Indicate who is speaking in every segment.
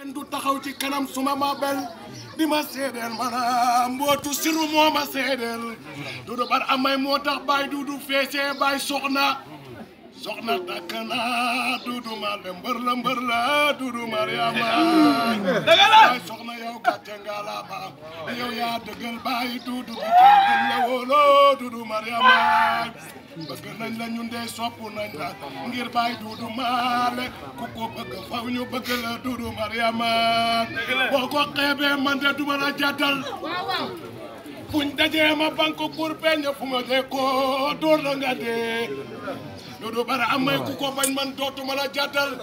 Speaker 1: kenn du taxaw ci kanam suma ma bel di ma seedeel maanaam mbootu siru moo ma seedeel dudu bar amay moo tax baay dudu feesee baay soxna soxna takk naa dudu ma de mbër la dudu mariama dëgg la yau yow gàcce nga la ba yow yaa dëggal ya, bàyyi dudu bi tàggal wolo dudu mariama bëgg nañ la ñun de soppu nañ la ngir bàyyi dudu maale ku ko bëgg faw la dudu mariama boo ko xeebee man de duma la jàddal buñ dajee ma banque pour peñ fu ko door la Doudou Bara am may ku ko bañ man dootuma la jàttal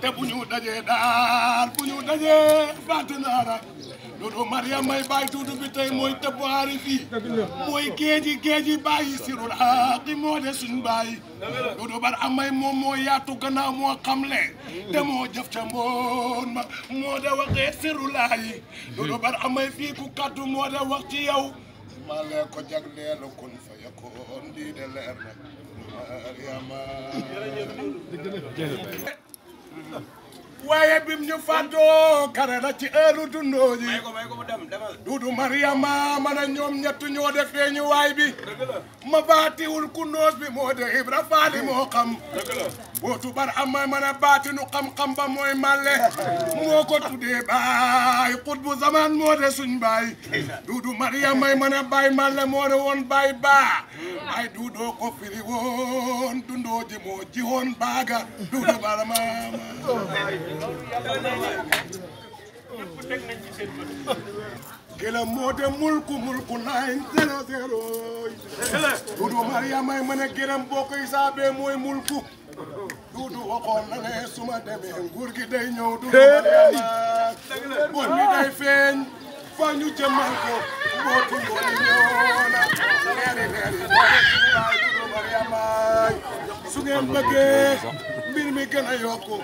Speaker 1: te bu ñu dajee daal bu ñu dajee baatu naa la Doudou Mariam may mooy tëbb aari mooy géeji géeji bàyyi sirul xaqi moo de suñ bàyyi Doudou Bara am may moom moo yaatu gannaaw moo xamle te moo jëf ca mboon ma moo da waxee sirulaa yi Doudou Bara am may fii ku kaddu moo da wax ci yow maa lee ko jagleelu kun fa yakoon di de leer na waaye bim ñu fàttoo kare la ci heure duudu mariama mana ñoom ñett ñoo def feeñu waay bi ma baatiwul ku noos bi moo ibra faali moo bootu bar ama man a baatinu xam-xam ba mooy màlle moo ko baay xutbu zaman moo suñ baay duudu mariama man a baay màlle moo de baay baa ay duudoo ko firi woon ji moo ji baaga duudu baramaama ñëpp kele moote mulku mulku nine zero zero duudu mariama ay mën a gërëm bokk yi saa bee mooy mulku duudu waxoon na ne suma demee nguur gi day ñëw duudu mariama bon mi day feeñ fa ñu jëmmal ko mbootu ngooni ñoona leeri leeri duudu mariama su ngeen bëggee mbir mi gën a yokku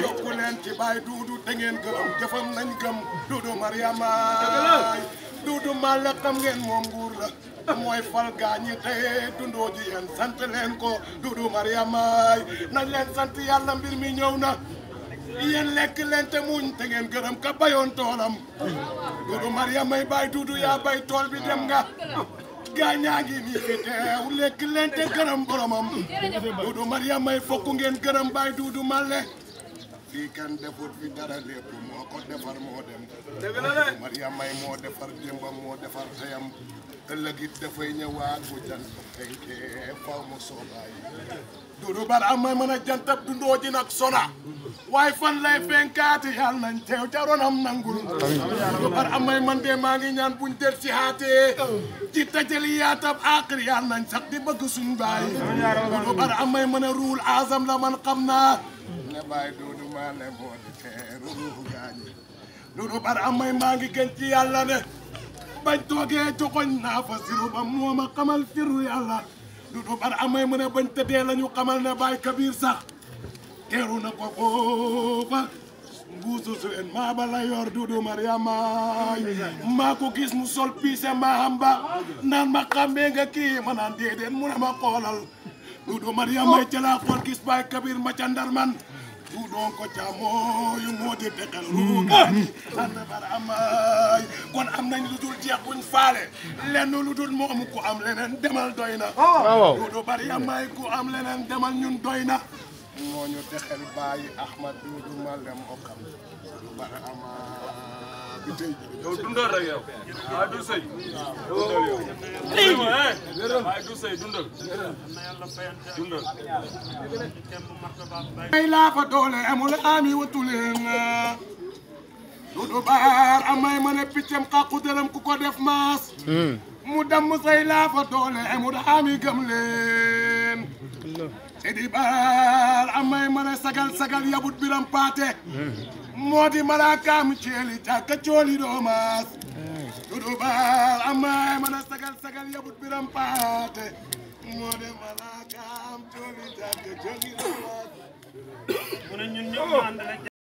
Speaker 1: yokku leen ci baay duudu te ngeen gërëm jëfam nañ gëm duudu Mariama duudu maa la ngeen moom nguur la mooy fal gaañi tey dundoo ji yéen sant leen ko duudu Mariama nañ leen sant yàlla mbir mi ñëw na yéen lekk leen te muñ te ngeen gërëm ka bayoon toolam duudu Mariama may baay duudu yaa bay tool bi dem nga gaa ñaa ngi nii fi teew lekk leen te gërëm boromam Duudu Mariam may fokk ngeen gërëm baay Duudu Malle fii kan defut fi dara lépp moo ko defar moo dem du may moo defar démbam moo defar tayam ëllëg it dafay ñëwaat bu jant fenkee faw mu soobaay Duudu Baraam may mën a jantab dundoo ji nag sona waaye fan lay fenkaati yàlla nañ teew ca ronam nangul par amay man de maa ngi ñaan buñ del si haatee ci tajali yaatab aaxir yàlla nañ sax di bëgg suñ baay par amay man a ruul aasam la man xam naa ne baay doodu maa ne boo di teeru gaañi loolu amay maa ngi gën yàlla ne bañ toogee joxoñ amay mën a bañ tëddee la ñu na ne baay kabiir sax teeru na ko foofa su en maa bala yor dudu mariama maa ko gis mu sol piise ma hamba naan ma xàmmee nga kii ma naan déedéet mu ne ma xoolal dudu mariama ca laa xool gis baay kabir ma ca man du doon ko càmmooyu moo di deqal ruuga anda bara amay kon am nañ lu dul jeex buñ faale lenn lu dul moomu ku am leneen demal doy na du du bari ku am leneen demal ñun doy moo ñu dexal bàyyi Ahmad Duudu Male mbokkam barama bi tey yow dundal rek yow waaye ah, du sëy dundal yow waaye eh? du sëy dundal dundal ay laa fa doole amul ami watuleen Duudu Baar amay ma ne piccam xaqu dërëm ku ko def maas hmm. mu damm say laa fa doole amul ami gëm leen Seydi Baar may mën a sagal sagal yabut biram paate moo di malaakaam ceeli càkka cooli baal amay mën a sagal sagal yabut biram paate moo di malaakaam ceeli mu ne ñun ñëpp ànd rek